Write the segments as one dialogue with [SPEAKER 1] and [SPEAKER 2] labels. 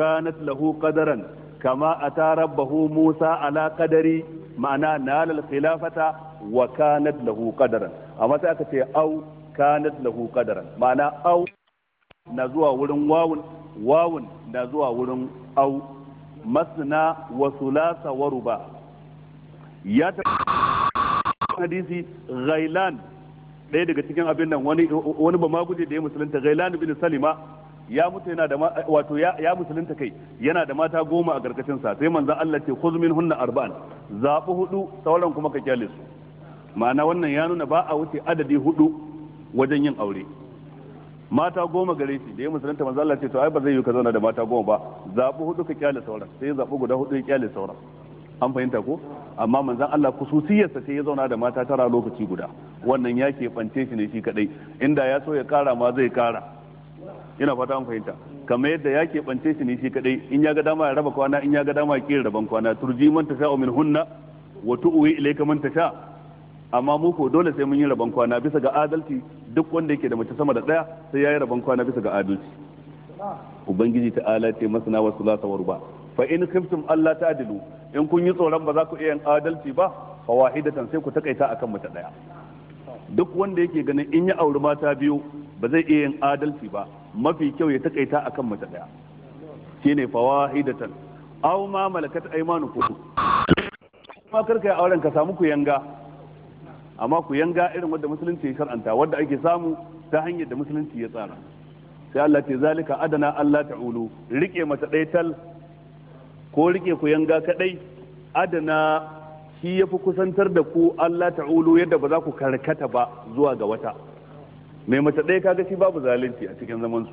[SPEAKER 1] كانت له قدرا kama ata ربه Musa على قدري ma'ana نال khilafata wa له قدرا qadaran amma sai aka ce au kanat lahu qadaran ma'ana au na zuwa wurin wawun na zuwa wurin au masna ɗaya daga cikin abin nan wani ba ba maguje da ya musulunta ghailan bin salima ya mutu yana da wato ya musulunta kai yana da mata goma a garkashin sa sai manzon Allah ce khuz hunna arba'an zabu hudu sauran kuma ka kyale su ma'ana wannan ya nuna ba a wuce adadi hudu wajen yin aure mata goma gare shi da ya musulunta manzon Allah ce to ai ba zai yi ka zauna da mata goma ba zabu hudu ka kyale sauran sai ya zabu guda hudu ya kyale sauran an fahimta ko amma manzan Allah kususiyarsa sai ya zauna da mata tara lokaci guda wannan ya keɓance shi ne shi kadai inda ya so ya kara ma zai kara yana fata an fahimta kamar yadda ya keɓance shi ne shi kadai in ya ga dama ya raba kwana in ya ga dama ya kira raban kwana turji man tasha'u min hunna wa tu'wi ka man sha amma mu ko dole sai mun yi raban kwana bisa ga adalci duk wanda yake da mace sama da daya sai ya yi raban kwana bisa ga adalci ubangiji ta ala ce masana wa sulasa wa ba fa in khiftum ta adilu in kun yi tsoron ba za ku iya yin adalci ba fa wahidatan sai ku takaita akan mace ɗaya duk wanda yake ganin in ya auri mata biyu ba zai iya yin adalci ba mafi kyau ya takaita akan mace daya shine fawahidatan aw ma malakat aymanukum kuma karka yi auren ka samu ku yanga amma ku yanga irin wadda musulunci ya shar'anta wadda ake samu ta hanyar da musulunci ya tsara sai Allah ce zalika adana Allah ta'ulu rike mata ɗaya tal ko rike ku yanga kadai adana shi yafi kusantar da ku Allah ta'ulu yadda ba za ku karkata ba zuwa ga wata mai mace ɗaya kaga shi babu zalunci a cikin zaman su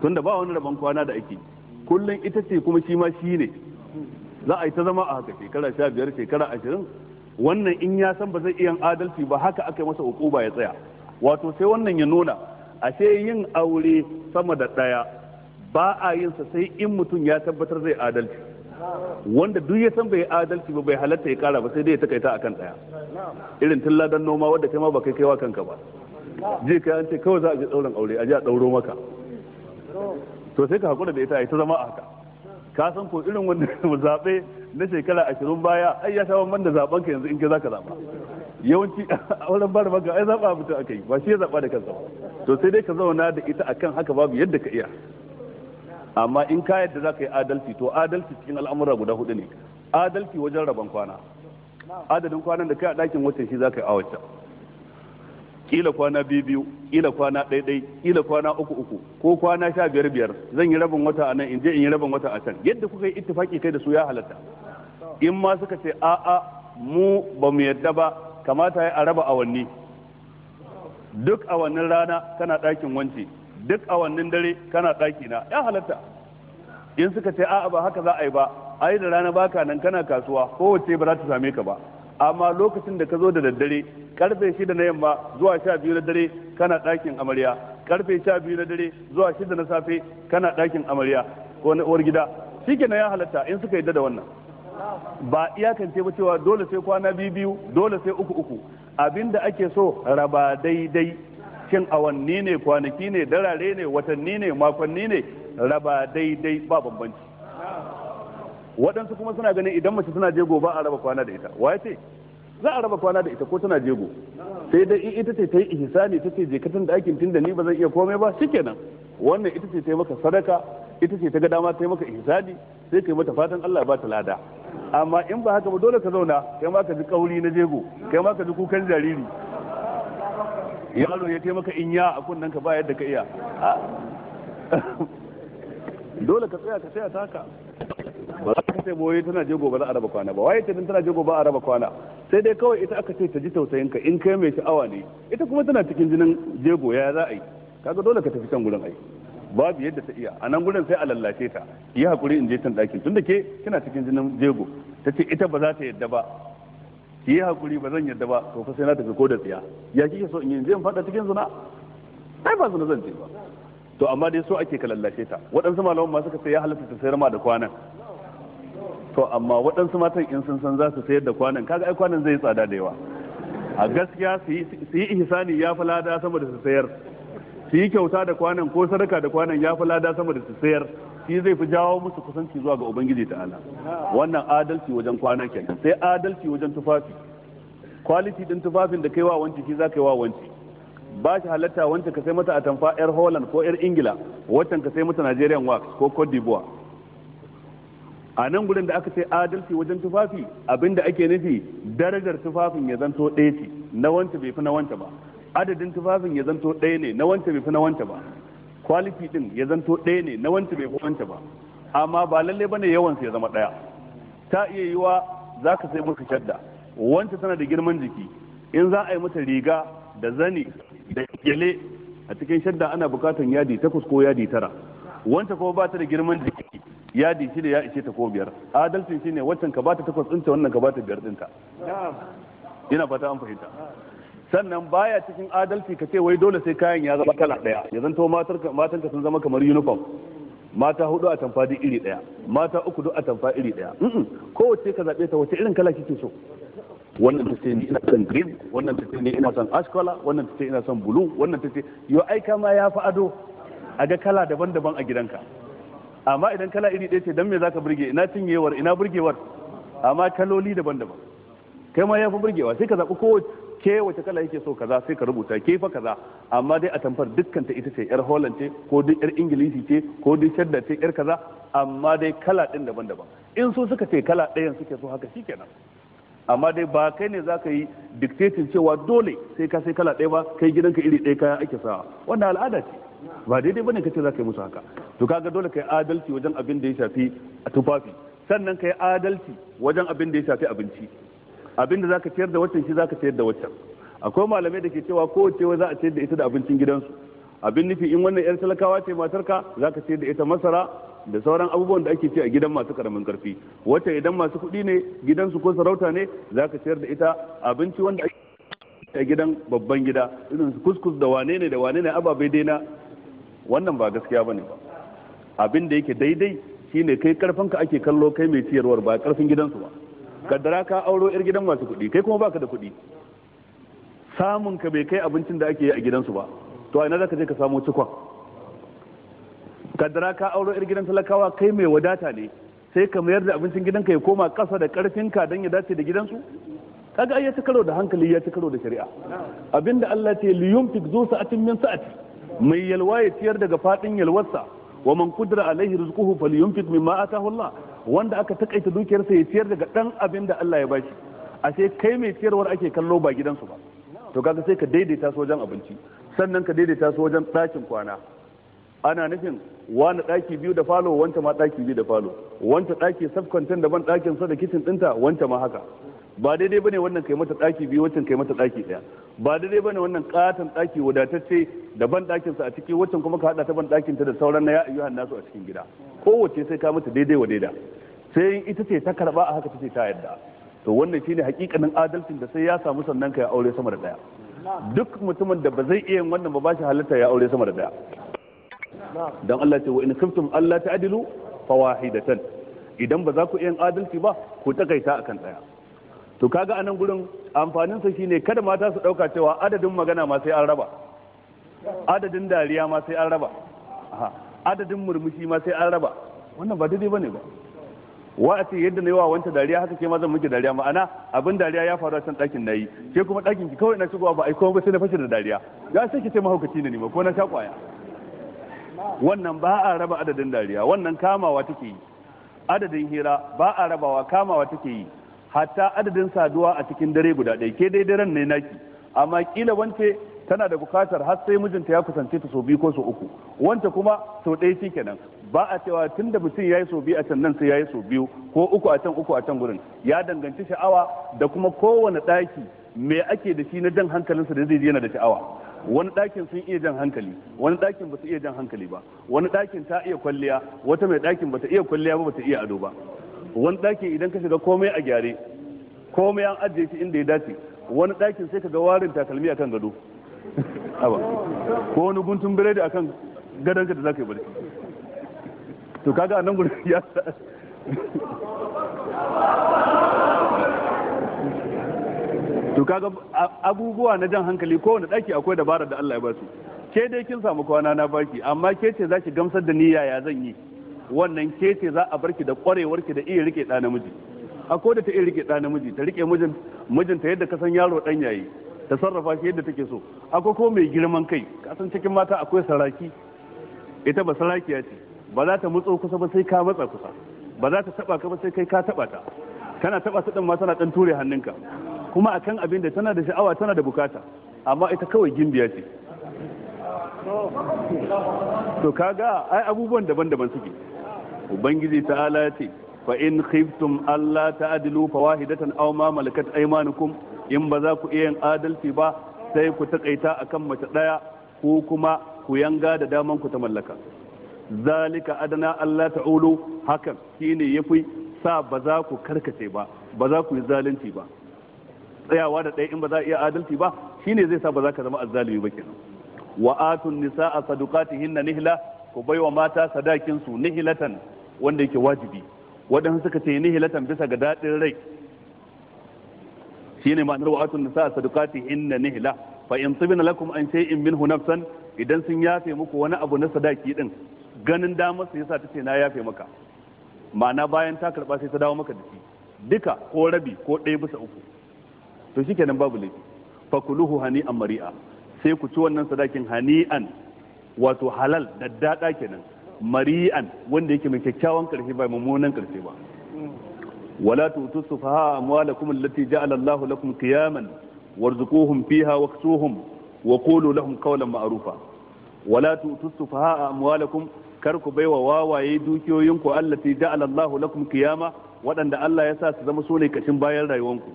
[SPEAKER 1] tunda ba wani rabon kwana da ake kullum ita ce kuma shi ma shi ne za a yi ta zama a haka shekara sha biyar shekara ashirin wannan in ya san ba zai iya adalci ba haka aka yi masa hukuma ya tsaya wato sai wannan ya nuna a ashe yin aure sama da ɗaya ba a yin sa sai in mutum ya tabbatar zai adalci wanda duk ya san bai adalci ba bai halatta ya kara ba sai dai ya takaita akan ɗaya irin tun ladan noma wadda kai ma ba kai kaiwa kanka ba je ka yance kawai za a je ɗaurin aure a je a ɗauro maka to sai ka haƙura da ita a ta zama a haka ka san ko irin wanda zaɓe na shekara ashirin baya ai ya sha man da zaɓen ka yanzu in ke za ka zaɓa yawanci auren ba da maka ai zaɓa mutum aka yi ba shi ya zaɓa da kansa to sai dai ka zauna da ita akan haka babu yadda ka iya amma in ka yadda za ka yi adalci to adalci cikin al'amura guda hudu ne adalci wajen rabon kwana adadin kwanan da kai a ɗakin watan shi za ka yi a wacce kila kwana biyu biyu kila kwana ɗaya ɗaya kila kwana uku uku ko kwana sha biyar biyar zan yi rabin wata a nan in je in yi rabin wata a can yadda kuka yi ittifaki kai da su ya halatta in ma suka ce a'a mu ba mu yadda ba kamata ya a raba awanni duk awannin rana kana ɗakin wance duk awannin dare kana ɗaki na ya halatta in suka ce a'a ba haka za a yi ba yi da rana baka nan kana kasuwa kowace ba za ta same ka ba amma lokacin da ka zo da daddare karfe shida na yamma zuwa sha biyu na dare kana ɗakin amarya karfe sha biyu na dare zuwa shida na safe kana ɗakin amarya ko na uwar gida shi ya halatta in suka yadda da wannan ba iyakance ba cewa dole sai kwana biyu biyu dole sai uku uku abinda ake so raba daidai shin awanni ne kwanaki ne darare ne watanni ne makonni ne raba daidai ba bambanci waɗansu kuma suna ganin idan mace tana jego ba a raba kwana da ita wa ce za a raba kwana da ita ko tana jego sai dai in ita ce ta yi ihsani ta ce je ka da aikin tunda ni ba zan iya komai ba shikenan wannan ita ce ta yi maka sadaka ita ce ta ga dama ta yi maka ihsani sai ka yi mata fatan Allah ba ta lada amma in ba haka ba dole ka zauna kai ma ka ji kauri na jego kai ma ka ji kukan jariri yaro ya taimaka in ya a kunnen ka ba yadda ka iya ah. dole ka tsaya ka tsaya haka ba za ta ce boye tana je gobe za a raba kwana ba waye ce tana je gobe a raba kwana sai dai kawai ita aka ce ta ji tausayin ka in kai mai sha'awa ne ita kuma tana cikin jinin jego ya za a yi kaga dole ka tafi can gurin ai babu yadda ta iya a nan gurin sai a lallace ta yi hakuri in je can ɗakin tunda ke kina cikin jinin jego ta ce ita ba za ta yadda ba ki yi hakuri ba zan yadda ba to fa sai na tafi ko da tsiya ya kike so in yi zan faɗa cikin zuna ai ba zuna zan ce ba to amma dai so ake ka lallashe ta waɗansu malaman ma suka sai ya halatta ta sayar ma da kwanan to amma waɗansu matan in sun san za su sayar da kwanan kaga ai kwanan zai tsada da yawa a gaskiya su yi ihsani ya fi lada sama da su sayar su yi kyauta da kwanan ko sadaka da kwanan ya fi lada sama da su sayar shi zai fi jawo musu kusanci zuwa ga ubangiji ta'ala wannan adalci wajen kwana kenan sai adalci wajen tufafi kwaliti din tufafin da kai wa wanci shi za ka yi wa wanci ba shi halatta wancan ka sai mata a tamfa yar holland ko yar ingila wancan ka sai mata nigerian wax ko cote d'ivoire a nan gudun da aka ce adalci wajen tufafi abinda ake nufi darajar tufafin ya zanto ɗaya ce na wanta bai fi na wanta ba adadin tufafin ya zanto ɗaya ne na wanta bai fi na wanta ba Kwaliti din ya zanto ɗaya ne na wanta bai fi wanta ba amma ba lalle ba ne yawansu ya zama ɗaya ta iya yiwa ka sai muka shadda wanta tana da girman jiki in za a yi mata riga da zani da kyale a cikin shadda ana bukatan yadi takwas ko yadi tara wanta kuma ba ta da girman jiki yadi shi da ya ishe ta ko biyar adalcin shine waccan ka bata takwas ɗinta wannan ka bata biyar ɗinta ina fata an fahimta sannan baya cikin adalci ka ce wai dole sai kayan ya zama kala ɗaya ya zanto matan ka sun zama kamar uniform mata hudu a tamfa duk iri ɗaya mata uku duk a tamfa iri ɗaya kowace ka zaɓe ta wace irin kala kike so wannan ta ce ni ina son green wannan ta ce ni ina son ash color wannan ta ce ina son blue wannan ta ce yo ai kama ya fi ado a ga kala daban-daban a gidanka amma idan kala iri ɗaya ce dan me zaka burge ina cinyewar ina burgewar amma kaloli daban-daban kai ma ya fi burgewa sai ka zaɓi ko ke wace kala yake so kaza sai ka rubuta ke fa kaza amma dai a tamfar dukkan ta ita ce yar holland ce ko duk yar ingilishi ce ko duk shadda ce yar kaza amma dai kala ɗin daban-daban in so suka ce kala ɗayan suke so haka shikenan amma dai ba kai ne za ka yi dictating cewa dole sai ka sai kala ɗaya ba kai gidanka iri ɗaya kayan ake sawa wannan al'ada ce ba daidai bane kace za ka yi musu haka to kaga dole kai adalci wajen abin da ya shafi a tufafi sannan kai adalci wajen abin da ya shafi abinci abin da zaka ciyar da waccan shi zaka ciyar da waccan akwai malamai da ke cewa kowace wai za a ciyar da ita da abincin gidansu abin nufi in wannan yar talakawa ce matarka zaka ciyar da ita masara da sauran abubuwan da ake ci a gidan masu karamin karfi wata idan masu kuɗi ne gidansu ko sarauta ne za ka ciyar da ita abinci wanda ake a gidan babban gida irin kuskus da wane ne da wane ne ababai dai wannan ba gaskiya bane ba abin da yake daidai shine kai karfinka ake kallo kai mai ciyarwar ba karfin gidansu ba kaddara ka auro yar gidan masu kuɗi kai kuma baka da kuɗi samun ka bai kai abincin da ake yi a gidansu ba to ina zaka je ka samu cikon kaddara ka auro yar gidan talakawa kai mai wadata ne sai ka mayar da abincin gidanka ya koma ƙasa da ka dan ya dace da gidansu kaga ai ya karo da hankali ya ci karo da shari'a abinda Allah ce liyunfik zo sa'atin min sa'ati mai yalwa ya ciyar daga fadin yalwarsa wa man qudira alaihi rizquhu falyunfiq mimma atahu Allah wanda aka takaita dukiyarsa ya ciyar daga dan abin da Allah ya bashi ashe kai mai ciyarwar ake kallo ba gidansu ba to kaga sai ka daidaita su wajen abinci sannan ka daidaita su wajen ɗakin kwana ana nufin wani ɗaki biyu da falo wancan ma ɗaki biyu da falo wancan ɗaki sabkwantin daban ɗakin sa da kicin ɗinta wancan ma haka ba daidai bane wannan kai mata daki biyu wancan kai mata daki daya ba daidai bane wannan katon daki wadatacce da ban dakin sa a ciki wancan kuma ka hada ta ban dakin ta da sauran na ya ayyuhan nasu a cikin gida kowace sai ka mata daidai wa daida sai ita ce ta karba a haka tace ta yarda to wannan shine hakikanin adalcin da sai ya samu sannan kai ya aure sama da daya duk mutumin da ba zai iya wannan ba bashi halitta ya aure sama da daya dan Allah ce wa in kuntum Allah ta'dilu fawahidatan idan ba za ku iya adalci ba ku takaita akan daya to kaga anan gurin amfanin sa shine kada mata su dauka cewa adadin magana ma sai an raba adadin dariya ma sai an raba adadin murmushi ma sai an raba wannan ba daidai bane ba wa a ce yadda na yi wa wanta dariya haka ke ma zan miki dariya ma'ana abin dariya ya faru a can ɗakin na yi ke kuma ɗakin ki kawai na shigowa ba a yi ba sai na fashe da dariya ya sai ki ce mahaukaci ne ma ko na sha kwaya wannan ba a raba adadin dariya wannan kamawa take yi adadin hira ba a rabawa kamawa take yi hatta adadin saduwa a cikin dare guda ɗaya ke dai daren ne naki amma kila wance tana da bukatar har sai mijinta ya kusance ta so biyu ko so uku wanta kuma sau ɗaya shi kenan ba a cewa tun da mutum ya yi so biyu a can nan sai ya yi so biyu ko uku a can uku a can gurin ya danganci sha'awa da kuma kowane ɗaki me ake da shi na jan hankalinsa da zai yana da sha'awa wani ɗakin sun iya jan hankali wani ɗakin ba su iya jan hankali ba wani ɗakin ta iya kwalliya wata mai ɗakin ba ta iya kwalliya ba ba ta iya ado ba wani ɗaki idan ka shiga komai a gyare komai an ajiye shi inda ya dace wani ɗakin sai ka ga warin takalmi akan gado ko wani guntun biredi akan gadon ka da za ka yi barci to kaga a nan gudun ya to kaga abubuwa na jan hankali kowane ɗaki akwai dabara da Allah ya ba su ke dai kin samu kwana na baki amma ke ce za ki gamsar da ni yaya zan yi wannan ke ce za a barki da kwarewar ki da iya rike ɗa namiji a ko da ta iya rike ɗa namiji ta rike mijin mijinta yadda ka san yaro ɗan yayi ta sarrafa shi yadda take so akwai ko mai girman kai ka san cikin mata akwai saraki ita ba saraki ya ce ba za ta mutso kusa ba sai ka matsa kusa ba za ta taba ka ba sai kai ka taba ta kana taba ta din ma tana dan ture hannunka kuma akan abin da tana da sha'awa tana da bukata amma ita kawai gimbiya ce to kaga ai abubuwan daban-daban suke ubangiji ta'ala ce fa in khiftum alla ta'dilu fawahidatan aw ma malakat aymanukum in ba za ku iya yin adalci ba sai ku a akan mace ɗaya, ko kuma ku yanga da daman ku ta mallaka zalika adana Allah ta'ulu hakan shine yafi sa ba za ku karkace ba ba za ku yi zalunci ba tsayawa da ɗaya in ba za a iya adalci ba shine zai sa ba za ka zama azzalimi ba kenan wa atun hinna sadaqatihinna nihla ku baiwa mata sadakin su nihlatan wanda yake wajibi waɗansu suka ce ni hilatan bisa ga daɗin rai shine ma'anar wa'atun nisa sadukati inna na fa in tibna lakum an shay'in minhu nafsan idan sun yafe muku wani abu na sadaki din ganin damar su yasa tace na yafe maka ma'ana bayan ta karba sai ta dawo maka da shi duka ko rabi ko ɗaya bisa uku to shikenan babu laifi fa kuluhu hani'an mari'a sai ku ci wannan sadakin hani'an wato halal da daɗa kenan mari'an wanda yake mai kyakkyawan karshe ba mummunan karshe ba wala tutu sufaha amwalakum allati ja'ala Allahu lakum qiyaman warzuquhum fiha waqsuhum wa qulu lahum qawlan ma'rufa wala tutu sufaha amwalakum kar ku baiwa wawaye dukiyoyinku allati ja'ala Allahu lakum qiyama waɗanda Allah ya sa su zama sune kashin bayan rayuwanku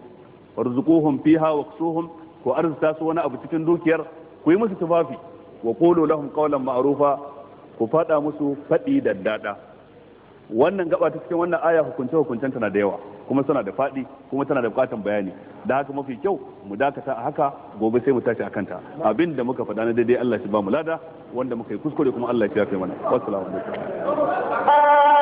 [SPEAKER 1] warzuquhum fiha waqsuhum ku arzuta su wani abu cikin dukiyar ku yi musu tufafi wa qulu lahum qawlan ma'rufa ku faɗa musu faɗi da daɗa wannan gaba ta cikin wannan aya hukunce hukuncen tana da yawa kuma tana da faɗi kuma tana da bukatan bayani da haka mafi kyau mu dakata a haka gobe sai mu tashi akan ta abin da muka faɗa na daidai Allah shi ba mu lada wanda muka yi kuskure kuma Allah ya fi mana wassalamu alaikum